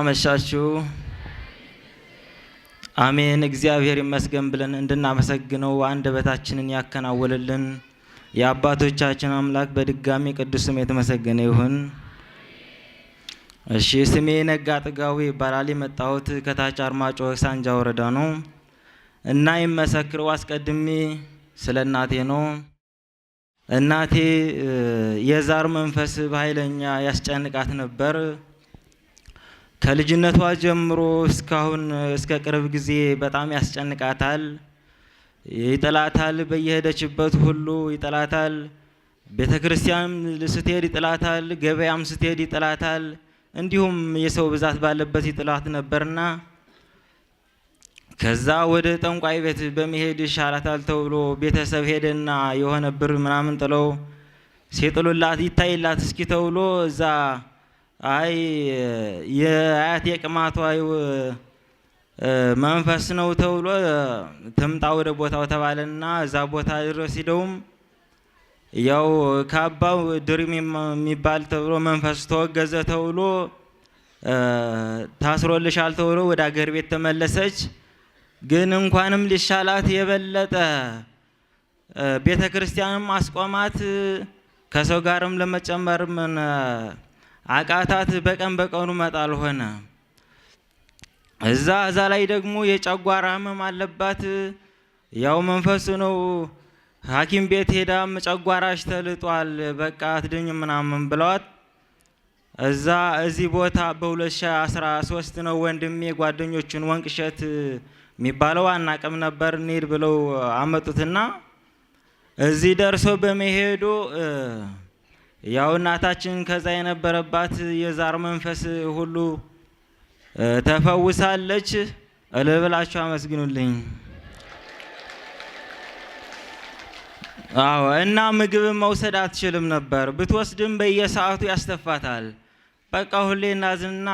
አመሻችሁ። አሜን። እግዚአብሔር ይመስገን ብለን እንድናመሰግነው አንደበታችንን ያከናወለልን የአባቶቻችን አምላክ በድጋሚ ቅዱስ ስም የተመሰገነ ይሁን። እሺ፣ ስሜ ነጋ ጥጋዊ ይባላል። የመጣሁት ከታች አርማጮ ሳንጃ ወረዳ ነው እና የምመሰክረው አስቀድሜ ስለ እናቴ ነው። እናቴ የዛር መንፈስ በኃይለኛ ያስጨንቃት ነበር። ከልጅነቷ ጀምሮ እስካሁን እስከ ቅርብ ጊዜ በጣም ያስጨንቃታል፣ ይጥላታል። በየሄደችበት ሁሉ ይጥላታል። ቤተ ክርስቲያን ስትሄድ ይጥላታል፣ ገበያም ስትሄድ ይጥላታል። እንዲሁም የሰው ብዛት ባለበት ይጥላት ነበርና ከዛ ወደ ጠንቋይ ቤት በመሄድ ይሻላታል ተብሎ ቤተሰብ ሄደና የሆነ ብር ምናምን ጥለው ሲጥሉላት ይታይላት እስኪ ተብሎ እዛ አይ የአያቴ ቅማቷ መንፈስ ነው ተብሎ ትምጣ ወደ ቦታው ተባለና እዛ ቦታ ድረስ ሂደውም ያው ከአባው ድሪም የሚባል ተብሎ መንፈስ ተወገዘ ተብሎ ታስሮልሻል ተብሎ ወደ አገር ቤት ተመለሰች። ግን እንኳንም ሊሻላት የበለጠ ቤተ ክርስቲያንም አስቆማት ከሰው ጋርም ለመጨመርም አቃታት በቀን በቀኑ መጣል ሆነ። እዛ እዛ ላይ ደግሞ የጨጓራ ህመም አለባት። ያው መንፈሱ ነው። ሐኪም ቤት ሄዳም ጨጓራሽ ተልጧል፣ በቃ አትድኝ ምናምን ብለዋት እዛ እዚህ ቦታ በ2013 ነው ወንድሜ ጓደኞቹን ወንቅሸት የሚባለው አናቅም ነበር እንሂድ ብለው አመጡትና እዚህ ደርሶ በመሄዱ ያው እናታችን ከዛ የነበረባት የዛር መንፈስ ሁሉ ተፈውሳለች። እልብላችሁ አመስግኑልኝ። አዎ እና ምግብን መውሰድ አትችልም ነበር። ብትወስድም በየሰዓቱ ያስተፋታል። በቃ ሁሌ እናዝና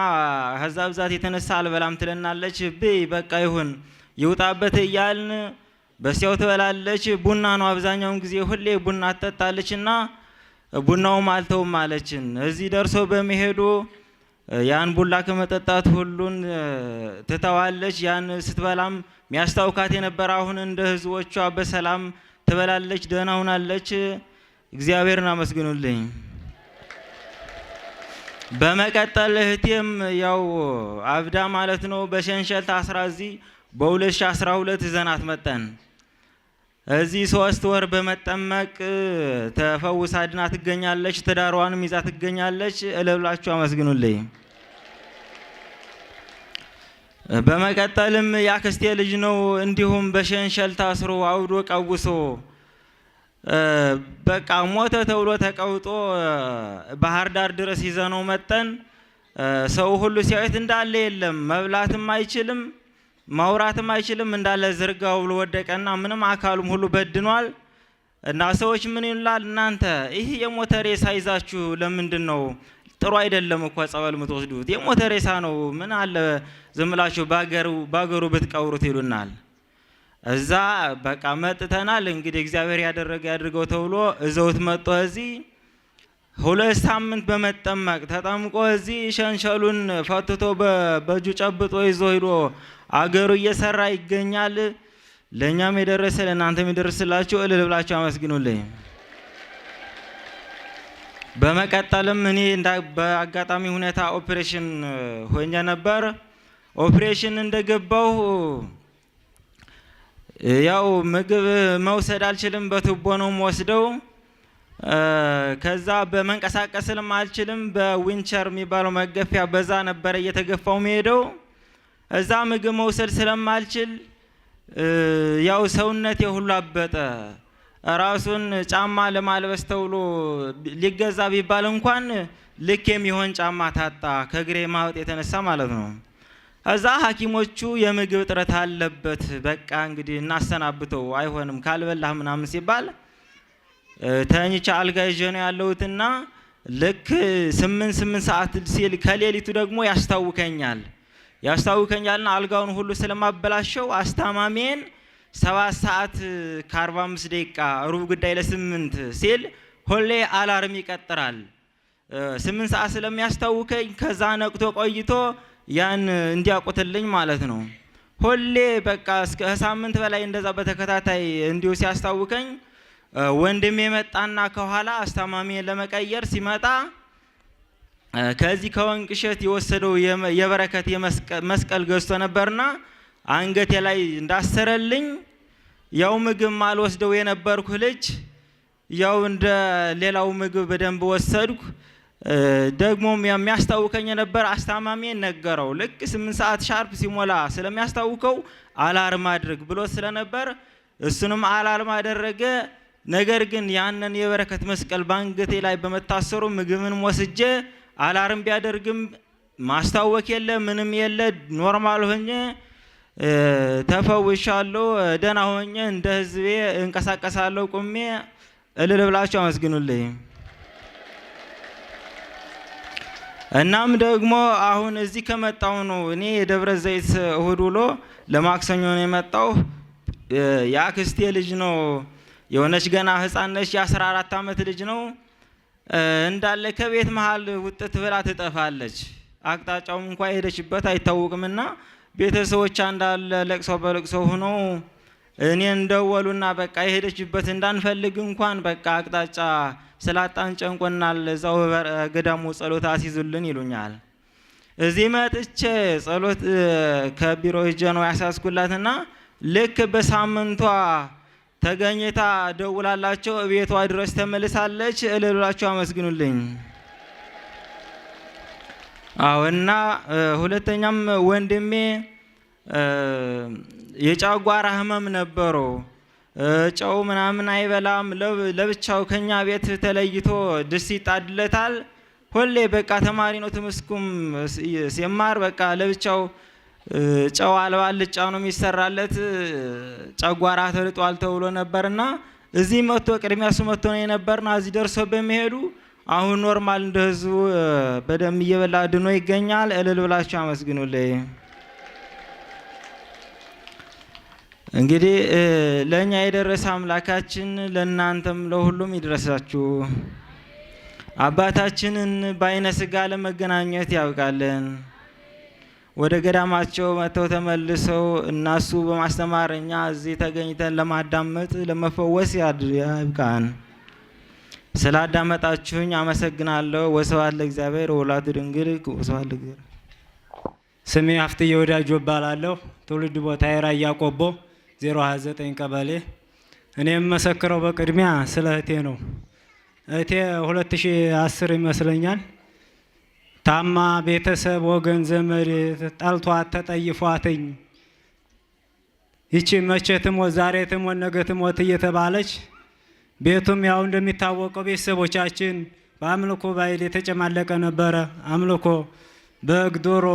ከዛ ብዛት የተነሳ አልበላም ትለናለች። ብይ በቃ ይሁን ይውጣበት እያልን በሲያው ትበላለች። ቡና ነው አብዛኛውን ጊዜ ሁሌ ቡና ትጠጣለች እና ቡናውም አልተውም አለችን። እዚህ ደርሶ በመሄዱ ያን ቡላ ከመጠጣት ሁሉን ትተዋለች። ያን ስትበላም ሚያስታውካት የነበረ አሁን እንደ ህዝቦቿ በሰላም ትበላለች፣ ደህና ሁናለች። እግዚአብሔርን አመስግኑልኝ። በመቀጠል እህቴም ያው አብዳ ማለት ነው በሸንሸል ታስራ እዚህ በ2012 ዘናት መጠን እዚህ ሶስት ወር በመጠመቅ ተፈውሳ አድና ትገኛለች። ትዳሯንም ይዛ ትገኛለች። እለብላችሁ አመስግኑልኝ። በመቀጠልም የአክስቴ ልጅ ነው። እንዲሁም በሸንሸል ታስሮ አውዶ ቀውሶ በቃ ሞተ ተብሎ ተቀውጦ ባህር ዳር ድረስ ይዘነው መጠን ሰው ሁሉ ሲያዩት እንዳለ የለም፣ መብላትም አይችልም ማውራትም አይችልም እንዳለ ዝርጋው ብሎ ወደቀና ምንም አካሉም ሁሉ በድኗል። እና ሰዎች ምን ይላል እናንተ ይህ የሞተ ሬሳ ይዛችሁ ለምንድን ነው ጥሩ አይደለም እኮ ጸበል የምትወስዱት የሞተ ሬሳ ነው ምን አለ ዝምላችሁ ባገሩ ብትቀብሩት ይሉናል እዛ በቃ መጥተናል እንግዲህ እግዚአብሔር ያደረገ ያድርገው ተብሎ እዘውት መጥቶ እዚህ ሁለት ሳምንት በመጠመቅ ተጠምቆ እዚህ ሸንሸሉን ፈትቶ በእጁ ጨብጦ ይዞ ሂዶ አገሩ እየሰራ ይገኛል። ለእኛም የደረሰ ለእናንተም የደረስላችሁ እልል ብላችሁ አመስግኑልኝ። በመቀጠልም እኔ በአጋጣሚ ሁኔታ ኦፕሬሽን ሆኜ ነበር። ኦፕሬሽን እንደገባሁ ያው ምግብ መውሰድ አልችልም፣ በቱቦ ነው ወስደው። ከዛ በመንቀሳቀስልም አልችልም፣ በዊንቸር የሚባለው መገፊያ በዛ ነበረ እየተገፋው መሄደው እዛ ምግብ መውሰድ ስለማልችል ያው ሰውነት የሁላበጠ አበጠ። ራሱን ጫማ ለማልበስ ተብሎ ሊገዛ ቢባል እንኳን ልክ የሚሆን ጫማ ታጣ፣ ከእግሬ ማወጥ የተነሳ ማለት ነው። እዛ ሐኪሞቹ የምግብ እጥረት አለበት፣ በቃ እንግዲህ እናሰናብተው፣ አይሆንም ካልበላህ ምናምን ሲባል ተኝቻ አልጋ ይዤ ነው ያለሁትና ልክ ስምንት ስምንት ሰዓት ሲል ከሌሊቱ ደግሞ ያስታውከኛል ያስታውከኛልና አልጋውን ሁሉ ስለማበላሸው አስታማሚን ሰባት ሰዓት ከአርባ አምስት ደቂቃ ሩብ ጉዳይ ለስምንት ሲል ሁሌ አላርም ይቀጥራል። ስምንት ሰዓት ስለሚያስታውከኝ ከዛ ነቅቶ ቆይቶ ያን እንዲያውቁትልኝ ማለት ነው። ሁሌ በቃ እስከ ሳምንት በላይ እንደዛ በተከታታይ እንዲሁ ሲያስታውከኝ ወንድም የመጣና ከኋላ አስታማሚን ለመቀየር ሲመጣ ከዚህ ከወንቅ እሸት የወሰደው የበረከት መስቀል ገዝቶ ነበርና አንገቴ ላይ እንዳሰረልኝ ያው ምግብ ማልወስደው የነበርኩ ልጅ ያው እንደ ሌላው ምግብ በደንብ ወሰድኩ። ደግሞም የሚያስታውከኝ የነበር አስታማሚ ነገረው። ልክ ስምንት ሰዓት ሻርፕ ሲሞላ ስለሚያስታውከው አላርም አድርግ ብሎ ስለነበር እሱንም አላርም አደረገ። ነገር ግን ያንን የበረከት መስቀል በአንገቴ ላይ በመታሰሩ ምግብንም ወስጄ አላርም ቢያደርግም ማስታወክ የለ ምንም የለ ኖርማል ሆኜ ተፈውሻለሁ፣ ደህና ሆኜ እንደ ህዝቤ እንቀሳቀሳለሁ። ቁሜ እልል ብላችሁ አመስግኑልኝ። እናም ደግሞ አሁን እዚህ ከመጣሁ ነው እኔ የደብረ ዘይት እሁድ ውሎ ለማክሰኞ ነው የመጣው የአክስቴ ልጅ ነው የሆነች ገና ህፃነች የ14 ዓመት ልጅ ነው እንዳለ ከቤት መሀል ውጥት ብላ ትጠፋለች። አቅጣጫውም እንኳ የሄደችበት አይታወቅምና ቤተሰቦች እንዳለ ለቅሶ በለቅሶ ሆኖ እኔ እንደወሉና በቃ የሄደችበት እንዳንፈልግ እንኳን በቃ አቅጣጫ ስላጣን ጨንቆናል፣ እዛው ገዳሙ ጸሎት አስይዙልን ይሉኛል። እዚህ መጥቼ ጸሎት ከቢሮ ሂጄ ነው ያሳስኩላትና ልክ በሳምንቷ ተገኝታ ደውላላቸው እቤቷ ድረስ ተመልሳለች። እልሏቸው አመስግኑልኝ። አዎ እና ሁለተኛም ወንድሜ የጨጓራ ህመም ነበረው። ጨው ምናምን አይበላም። ለብቻው ከኛ ቤት ተለይቶ ድስ ይጣድለታል። ሁሌ በቃ ተማሪ ነው ትምስኩም ሲማር በቃ ለብቻው ጨው አልባ አልጫ ነው የሚሰራለት፣ ጨጓራ ተልጧል ተብሎ ነበርና እዚህ መጥቶ ቅድሚያ እሱ መጥቶ ነው የነበርና እዚህ ደርሶ በሚሄዱ አሁን ኖርማል እንደ ህዝቡ እየበላ ድኖ ይገኛል። እልል ብላችሁ አመስግኑልኝ። እንግዲህ ለእኛ የደረሰ አምላካችን ለእናንተም ለሁሉም ይድረሳችሁ። አባታችንን በአይነ ስጋ ለመገናኘት ያብቃለን። ወደ ገዳማቸው መጥተው ተመልሰው እናሱ በማስተማር እኛ እዚህ ተገኝተን ለማዳመጥ ለመፈወስ ያብቃን። ስላዳመጣችሁኝ አመሰግናለሁ። ወስብሐት ለእግዚአብሔር ወወላዲቱ ድንግል ወስብሐት ለእግዚአብሔር። ስሜ ሀፍትዬ ወዳጆ እባላለሁ። ትውልድ ቦታ የራያ ቆቦ 029 ቀበሌ። እኔ የምመሰክረው በቅድሚያ ስለ እህቴ ነው። እህቴ 2010 ይመስለኛል ታማ ቤተሰብ ወገን ዘመድ ጠልቷት ተጠይፏትኝ ይቺ መቼ ትሞት ዛሬ ትሞት ነገ ትሞት እየተባለች ቤቱም ያው እንደሚታወቀው ቤተሰቦቻችን በአምልኮ ባይል የተጨማለቀ ነበረ። አምልኮ በግ፣ ዶሮ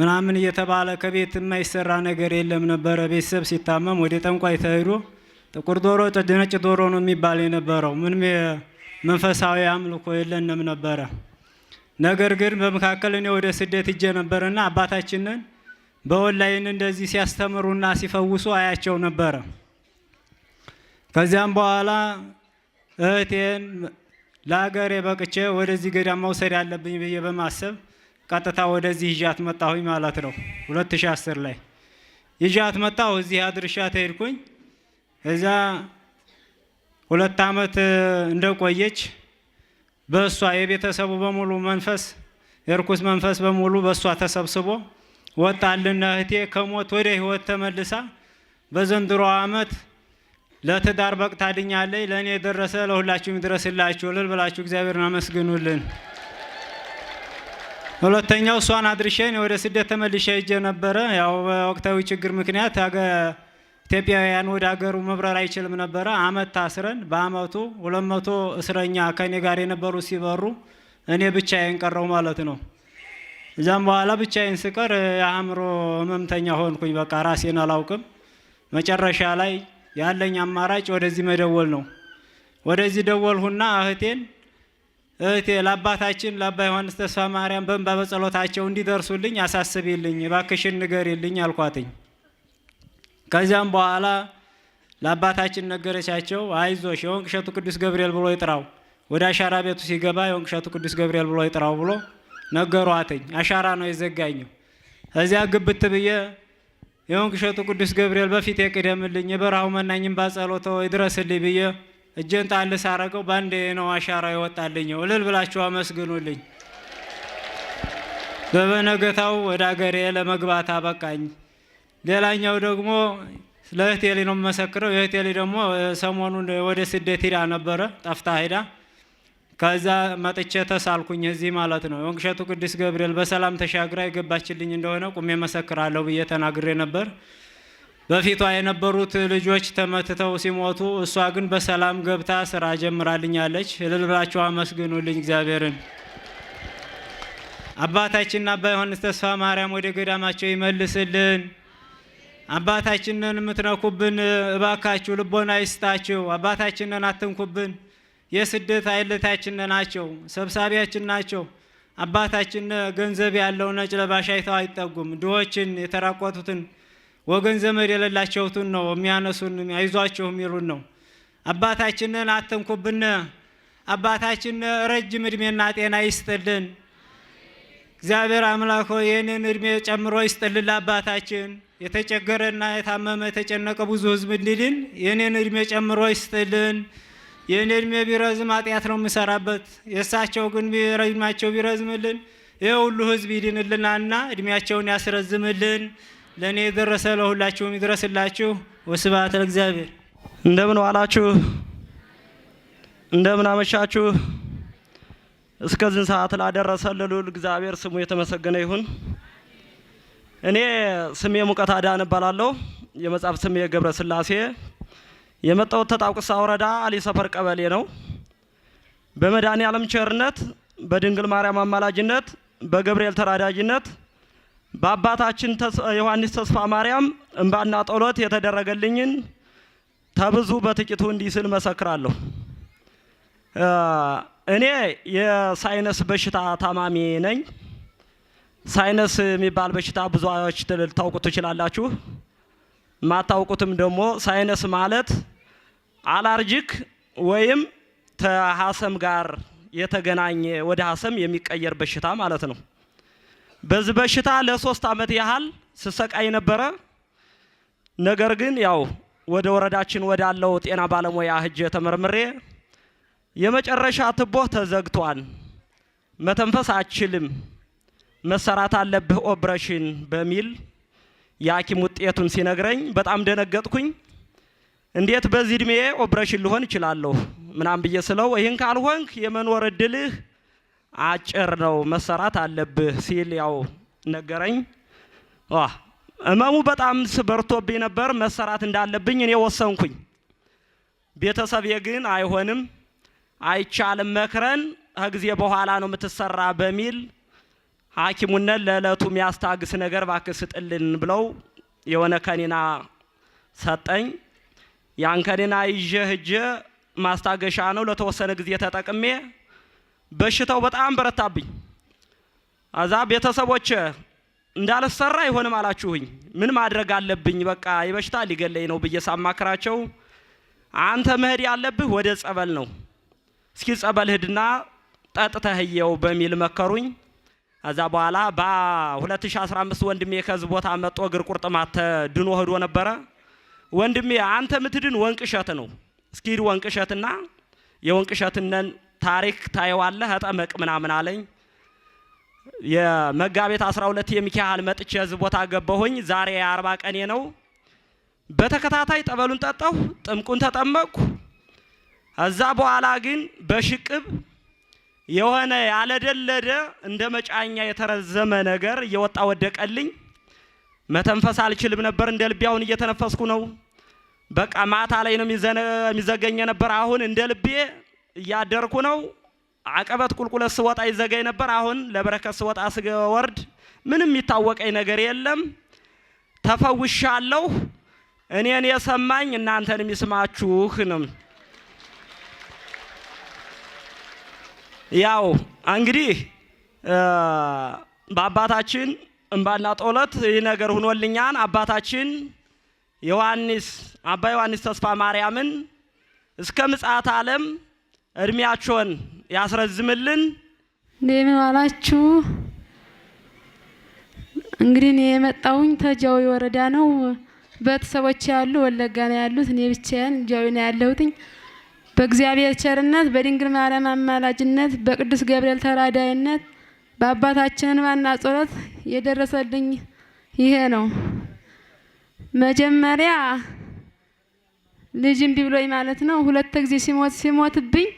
ምናምን እየተባለ ከቤት የማይሰራ ነገር የለም ነበረ። ቤተሰብ ሲታመም ወደ ጠንቋይ ተሄዱ። ጥቁር ዶሮ፣ ነጭ ዶሮ ነው የሚባል የነበረው። ምንም መንፈሳዊ አምልኮ የለንም ነበረ። ነገር ግን በመካከል እኔ ወደ ስደት እጄ ነበርና አባታችንን በኦንላይን እንደዚህ ሲያስተምሩና ሲፈውሱ አያቸው ነበረ። ከዚያም በኋላ እህቴን ለሀገሬ በቅቼ ወደዚህ ገዳም መውሰድ ያለብኝ ብዬ በማሰብ ቀጥታ ወደዚህ ይዣት መጣሁኝ ማለት ነው። 2010 ላይ ይዣት መጣሁ። እዚህ አድርሻ ተሄድኩኝ። እዛ ሁለት ዓመት እንደቆየች በእሷ የቤተሰቡ በሙሉ መንፈስ የርኩስ መንፈስ በሙሉ በእሷ ተሰብስቦ ወጣልን። እህቴ ከሞት ወደ ህይወት ተመልሳ በዘንድሮ አመት ለትዳር በቅታድኛለች። ለእኔ የደረሰ ለሁላችሁም ይድረስላችሁ። ልል ብላችሁ እግዚአብሔርን አመስግኑልን። ሁለተኛው እሷን አድርሼ ወደ ስደት ተመልሼ ሄጄ ነበረ። ያው በወቅታዊ ችግር ምክንያት ኢትዮጵያውያን ወደ ሀገሩ መብረር አይችልም ነበረ። አመት ታስረን በአመቱ ሁለት መቶ እስረኛ ከእኔ ጋር የነበሩ ሲበሩ እኔ ብቻዬን ቀረው ማለት ነው። እዛም በኋላ ብቻዬን ስቀር የአእምሮ ህመምተኛ ሆንኩኝ። በቃ ራሴን አላውቅም። መጨረሻ ላይ ያለኝ አማራጭ ወደዚህ መደወል ነው። ወደዚህ ደወልሁና እህቴን እህቴ ለአባታችን ለአባ ዮሐንስ ተስፋ ማርያም በእንባ በጸሎታቸው እንዲደርሱልኝ አሳስቢልኝ፣ እባክሽን ንገሪልኝ አልኳትኝ። ከዚያም በኋላ ለአባታችን ነገረ ሲያቸው አይዞሽ የወንቅ እሸቱ ቅዱስ ገብርኤል ብሎ ይጥራው። ወደ አሻራ ቤቱ ሲገባ የወንቅ እሸቱ ቅዱስ ገብርኤል ብሎ ይጥራው ብሎ ነገሯትኝ። አሻራ ነው የዘጋኘው። እዚያ ግብት ብዬ የወንቅ እሸቱ ቅዱስ ገብርኤል በፊት የቅደምልኝ የበረሃው መናኝም ባጸሎተ ይድረስልኝ ብዬ እጄን ጣል ሳረገው በአንዴ ነው አሻራ ይወጣልኝ። እልል ብላችሁ አመስግኑልኝ። በበነገታው ወደ አገሬ ለመግባት አበቃኝ። ሌላኛው ደግሞ ለእህቴ ነው የምመሰክረው። የእህቴ ደግሞ ሰሞኑን ወደ ስደት ሂዳ ነበረ፣ ጠፍታ ሂዳ ከዛ መጥቼ ተሳልኩኝ እዚህ ማለት ነው። ወንቅሸቱ ቅዱስ ገብርኤል በሰላም ተሻግራ የገባችልኝ እንደሆነ ቁሜ መሰክራለሁ ብዬ ተናግሬ ነበር። በፊቷ የነበሩት ልጆች ተመትተው ሲሞቱ፣ እሷ ግን በሰላም ገብታ ስራ ጀምራልኛለች። እልል ብላችሁ አመስግኑልኝ እግዚአብሔርን። አባታችንና አባ ዮሐንስ ተስፋ ማርያም ወደ ገዳማቸው ይመልስልን። አባታችንን የምትነኩብን እባካችሁ ልቦና ይስጣችሁ። አባታችንን አትንኩብን። የስደት አይለታችን ናቸው፣ ሰብሳቢያችን ናቸው። አባታችን ገንዘብ ያለው ነጭ ለባሽ አይተው አይጠጉም። ድሆችን፣ የተራቆቱትን ወገን ዘመድ የሌላቸውትን ነው የሚያነሱን አይዟቸው የሚሉን ነው። አባታችንን አትንኩብን። አባታችን ረጅም እድሜና ጤና ይስጥልን። እግዚአብሔር አምላክ ሆይ እድሜ ጨምሮ ይስጥልን አባታችን የተቸገረና የታመመ የተጨነቀ ብዙ ህዝብ እንዲድን የእኔን እድሜ ጨምሮ ይስጥልን። የእኔ እድሜ ቢረዝም አጥያት ነው የምሰራበት፣ የእሳቸው ግን እድሜያቸው ቢረዝምልን ይህ ሁሉ ህዝብ ይድንልናልና እድሜያቸውን ያስረዝምልን። ለእኔ የደረሰ ለሁላችሁም ይድረስላችሁ። ወስብሐት ለእግዚአብሔር። እንደምን ዋላችሁ፣ እንደምን አመሻችሁ። እስከዚህ ሰዓት ላደረሰን ልዑል እግዚአብሔር ስሙ የተመሰገነ ይሁን። እኔ ስሜ ሙቀት አዳን እባላለሁ። የመጽሐፍ ስሜ ገብረ ስላሴ። የመጣሁት ተጣቁሳ ወረዳ አሊ ሰፈር ቀበሌ ነው። በመድኃኔ ዓለም ቸርነት፣ በድንግል ማርያም አማላጅነት፣ በገብርኤል ተራዳጅነት፣ በአባታችን ዮሐንስ ተስፋ ማርያም እንባና ጸሎት የተደረገልኝን ተብዙ በጥቂቱ እንዲህ ስል መሰክራለሁ። እኔ የሳይነስ በሽታ ታማሚ ነኝ። ሳይነስ የሚባል በሽታ ብዙዎች ልታውቁት ትችላላችሁ። ማታውቁትም ደግሞ ሳይነስ ማለት አላርጂክ ወይም ከሀሰም ጋር የተገናኘ ወደ ሀሰም የሚቀየር በሽታ ማለት ነው። በዚህ በሽታ ለሶስት ዓመት ያህል ስሰቃይ ነበረ። ነገር ግን ያው ወደ ወረዳችን ወዳለው ጤና ባለሙያ ህጅ ተመርምሬ የመጨረሻ ትቦህ ተዘግቷል፣ መተንፈስ አችልም መሰራት አለብህ ኦፕሬሽን በሚል የሐኪም ውጤቱን ሲነግረኝ በጣም ደነገጥኩኝ። እንዴት በዚህ እድሜ ኦፕሬሽን ልሆን እችላለሁ? ምናም ብዬ ስለው ይህን ካልሆንክ የመኖር እድልህ አጭር ነው፣ መሰራት አለብህ ሲል ያው ነገረኝ። እመሙ በጣም ስበርቶብኝ ነበር። መሰራት እንዳለብኝ እኔ ወሰንኩኝ። ቤተሰቤ ግን አይሆንም፣ አይቻልም፣ መክረን ከጊዜ በኋላ ነው የምትሰራ በሚል ሐኪሙነ ለዕለቱ የሚያስታግስ ነገር ባክስጥልን ስጥልን ብለው የሆነ ከኒና ሰጠኝ። ያን ከኒና ይዤ ሂጄ ማስታገሻ ነው ለተወሰነ ጊዜ ተጠቅሜ በሽታው በጣም በረታብኝ። እዛ ቤተሰቦች እንዳልሰራ አይሆንም አላችሁኝ። ምን ማድረግ አለብኝ? በቃ የበሽታ ሊገለኝ ነው ብዬ ሳማክራቸው አንተ መሄድ ያለብህ ወደ ጸበል ነው፣ እስኪ ጸበል ሂድና ጠጥተህየው በሚል መከሩኝ። ከዛ በኋላ በ2015 ወንድሜ ከዚህ ቦታ መጦ እግር ቁርጥማት ድኖ ሄዶ ነበረ። ወንድሜ አንተ ምትድን ወንቅ እሸት ነው። እስኪ ሂድ ወንቅ እሸትና የወንቅ እሸትነን ታሪክ ታየዋለህ እጠመቅ ምናምን አለኝ። የመጋቤት 12 የሚካኤል መጥቼ እዚህ ቦታ ገባሁኝ። ዛሬ የአርባ ቀኔ ነው። በተከታታይ ጠበሉን ጠጣሁ፣ ጥምቁን ተጠመቅኩ። እዛ በኋላ ግን በሽቅብ የሆነ ያለደለደ እንደ መጫኛ የተረዘመ ነገር እየወጣ ወደቀልኝ። መተንፈስ አልችልም ነበር። እንደ ልቤ አሁን እየተነፈስኩ ነው። በቃ ማታ ላይ ነው የሚዘገኝ ነበር። አሁን እንደ ልቤ እያደርኩ ነው። አቀበት ቁልቁለት ስወጣ ይዘገኝ ነበር። አሁን ለበረከት ስወጣ ስወርድ ምንም የሚታወቀኝ ነገር የለም። ተፈውሻለሁ። እኔን የሰማኝ እናንተን የሚስማችሁ ነው። ያው እንግዲህ በአባታችን እምባና ጦለት ይህ ነገር ሁኖልኛን አባታችን ዮሐንስ አባ ዮሐንስ ተስፋ ማርያምን እስከ ምጽአት ዓለም እድሜያቸውን ያስረዝምልን። እንደምን ዋላችሁ? እንግዲህ እኔ የመጣውኝ ተጃዊ ወረዳ ነው። ቤተሰቦች ያሉ ወለጋ ነው ያሉት። እኔ ብቻዬን ጃዊ ነው ያለሁትኝ። በእግዚአብሔር ቸርነት በድንግል ማርያም አማላጅነት በቅዱስ ገብርኤል ተራዳይነት በአባታችን ዋና ጸሎት የደረሰልኝ ይሄ ነው። መጀመሪያ ልጅ እምቢ ብሎኝ ማለት ነው። ሁለት ጊዜ ሲሞት ሲሞትብኝ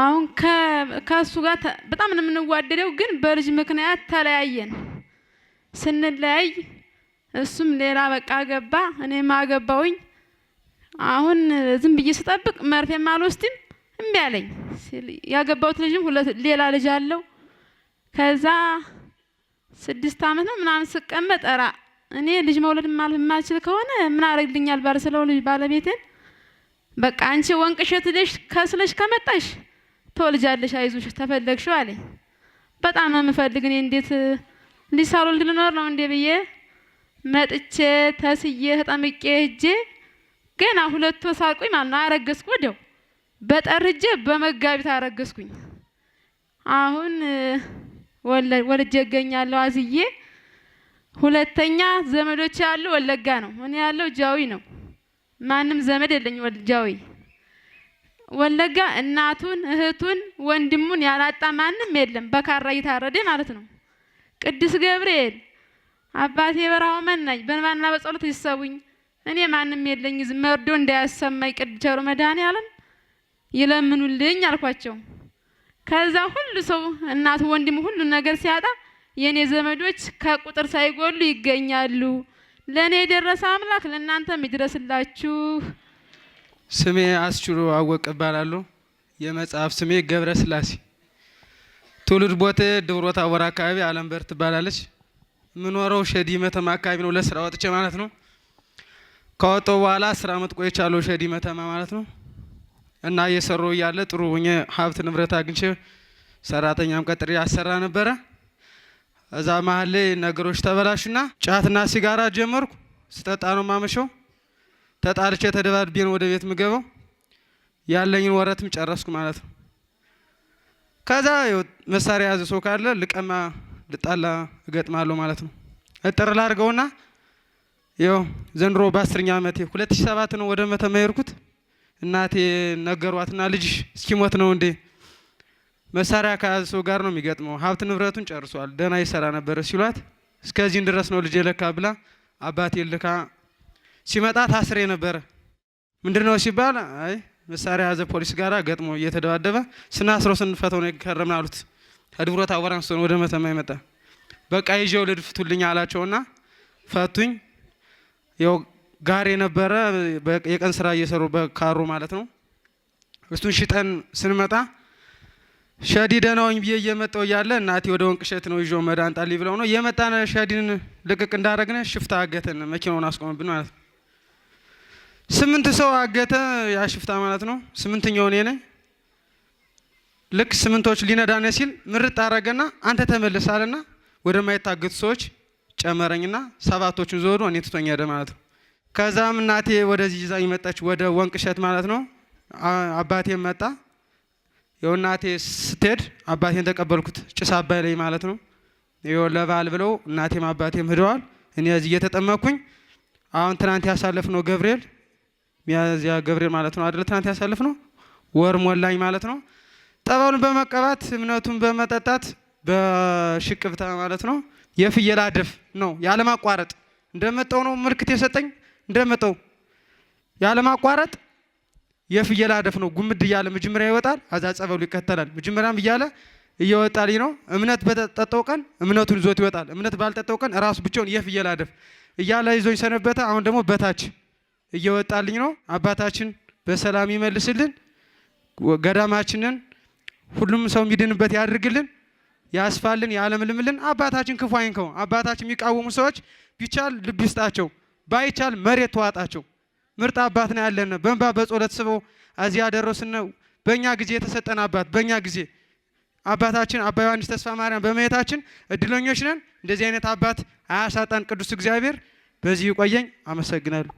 አሁን ከእሱ ጋር በጣም ነው የምንዋደደው፣ ግን በልጅ ምክንያት ተለያየን። ስንለያይ እሱም ሌላ በቃ ገባ፣ እኔም አገባውኝ። አሁን ዝም ብዬ ስጠብቅ መርፌም አልወስድም እምቢ አለኝ። ያገባሁት ልጅም ሌላ ልጅ አለው። ከዛ ስድስት አመት ነው ምናምን ስቀመጥ ጠራ እኔ ልጅ መውለድ የማልችል ከሆነ ምን አረግልኛል ባል ልጅ ባለቤቴን በቃ አንቺ ወንቅሸት ልጅ ከስለሽ ከመጣሽ ትወልጃለሽ፣ አይዞሽ ተፈለግሽው አለኝ። በጣም ነው የምፈልግ እኔ እንዴት ሊሳሉ ልኖር ነው እንዴ ብዬ መጥቼ ተስዬ ተጠምቄ ሄጄ ገና ሁለት ወር ሳልቆይ ማለት ነው አረገዝኩ። ወዲያው በጠርጄ በመጋቢት አረገዝኩኝ። አሁን ወልጄ እገኛለሁ አዝዬ። ሁለተኛ ዘመዶች ያሉ ወለጋ ነው፣ እኔ ያለው ጃዊ ነው። ማንም ዘመድ የለኝ ጃዊ ወለጋ። እናቱን እህቱን ወንድሙን ያላጣ ማንም የለም። በካራ እየታረደ ማለት ነው። ቅዱስ ገብርኤል አባቴ በረሃው መናኝ በንባና በጸሎት ይሰቡኝ እኔ ማንም የለኝ መርዶ እንዳያሰማኝ ቅድቸሩ መድኃኔዓለም ይለምኑልኝ አልኳቸው። ከዛ ሁሉ ሰው እናት ወንድም ሁሉ ነገር ሲያጣ የእኔ ዘመዶች ከቁጥር ሳይጎሉ ይገኛሉ። ለእኔ የደረሰ አምላክ ለእናንተም ይድረስላችሁ። ስሜ አስችሎ አወቅ እባላለሁ። የመጽሐፍ ስሜ ገብረ ስላሴ። ትውልድ ቦቴ ደብረ ታቦር አካባቢ አለምበር ትባላለች። ምኖረው ሸዲ መተማ አካባቢ ነው። ለስራ ወጥቼ ማለት ነው። ከወጣሁ በኋላ አስር አመት ቆይቻለሁ ሸዲ መተማ ማለት ነው። እና እየሰሩ እያለ ጥሩ ሁኜ ሀብት ንብረት አግኝቼ ሰራተኛም ቀጥሬ ያሰራ ነበረ። እዛ መሀል ላይ ነገሮች ተበላሹና ጫትና ሲጋራ ጀመርኩ። ስጠጣ ነው ማመሸው። ተጣልቼ ተደባድቤ ነው ወደ ቤት ምገበው። ያለኝን ወረትም ጨረስኩ ማለት ነው። ከዛ መሳሪያ የያዘ ሰው ካለ ልቀማ ልጣላ እገጥማለሁ ማለት ነው። እጥር ላድርገውና ያው ዘንድሮ በአስረኛ ዓመቴ 2007 ነው ወደ መተማ የሄድኩት። እናቴ ነገሯትና ልጅሽ እስኪሞት ነው እንዴ መሳሪያ ከያዘ ሰው ጋር ነው የሚገጥመው፣ ሀብት ንብረቱን ጨርሷል፣ ደህና ይሰራ ነበር ሲሏት እስከዚህን ድረስ ነው ልጅ የለካ ብላ አባቴ ልካ ሲመጣ ታስሬ ነበረ። ምንድን ነው ሲባል አይ መሳሪያ የያዘ ፖሊስ ጋር ገጥሞ እየተደባደበ ስናስረው ስንፈተው ነው የከረምን አሉት። ከድብረ ታቦር አንስቶ ወደ መተማ የመጣ። በቃ ይዤው ልድፍቱልኝ አላቸውና ፈቱኝ። ያው ጋር የነበረ የቀን ስራ እየሰሩ በካሩ ማለት ነው። እሱን ሽጠን ስንመጣ ሸዲደ ነውኝ ብዬ እየመጣው እያለ እናቴ ወደ ወንቅ እሸት ነው ይዞ መዳን ጣሊ ብለው ነው የመጣነ። ሸዲን ልቅቅ እንዳደረግነ ሽፍታ አገተን፣ መኪናውን አስቆመብን ማለት ነው። ስምንት ሰው አገተ ያ ሽፍታ ማለት ነው። ስምንተኛው እኔ ነኝ። ልክ ስምንቶች ሊነዳነ ሲል ምርጥ አረገና አንተ ተመልሳልና ወደማይታገቱ ሰዎች ጨመረኝና ሰባቶቹን ዞሮ እኔ ትቶኝ ሄደ ማለት ነው። ከዛም እናቴ ወደዚህ ይዛኝ መጣች፣ ወደ ወንቅ እሸት ማለት ነው። አባቴ መጣ። ይኸው እናቴ ስትሄድ አባቴን ተቀበልኩት፣ ጭስ አባይ ላይ ማለት ነው። ይኸው ለበዓል ብለው እናቴም አባቴም ሂደዋል። እኔ እዚህ እየተጠመኩኝ አሁን ትናንት ያሳለፍ ነው ገብርኤል ሚያዝያ ገብርኤል ማለት ነው አይደለ? ትናንት ያሳልፍ ነው ወር ሞላኝ ማለት ነው። ጠበሉን በመቀባት እምነቱን በመጠጣት በሽቅብታ ማለት ነው የፍየል አደፍ ነው ያለማቋረጥ እንደመጣው ነው ምልክት የሰጠኝ እንደመጣው ያለማቋረጥ የፍየል አደፍ ነው። ጉምድ እያለ መጀመሪያ ይወጣል፣ አዛ ጸበሉ ይከተላል። መጀመሪያም እያለ እየወጣልኝ ነው። እምነት በጠጣው ቀን እምነቱን ይዞት ይወጣል። እምነት ባልጠጣው ቀን ራሱ ብቻውን የፍየል አደፍ እያለ ይዞኝ ሰነበተ። አሁን ደግሞ በታች እየወጣልኝ ነው። አባታችን በሰላም ይመልስልን። ገዳማችንን ሁሉም ሰው የሚድንበት ያድርግልን። ያስፋልን ያለምልምልን። አባታችን ክፉ አይንከው። አባታችን የሚቃወሙ ሰዎች ቢቻል ልብ ይስጣቸው፣ ባይቻል መሬት ተዋጣቸው። ምርጥ አባት ነው ያለን። በእንባ በጸሎት ስበው እዚህ ያደረሱን በእኛ ጊዜ የተሰጠን አባት። በእኛ ጊዜ አባታችን አባ ዮሐንስ ተስፋ ማርያም በመሄታችን እድለኞች ነን። እንደዚህ አይነት አባት አያሳጣን። ቅዱስ እግዚአብሔር በዚህ ይቆየኝ። አመሰግናለሁ።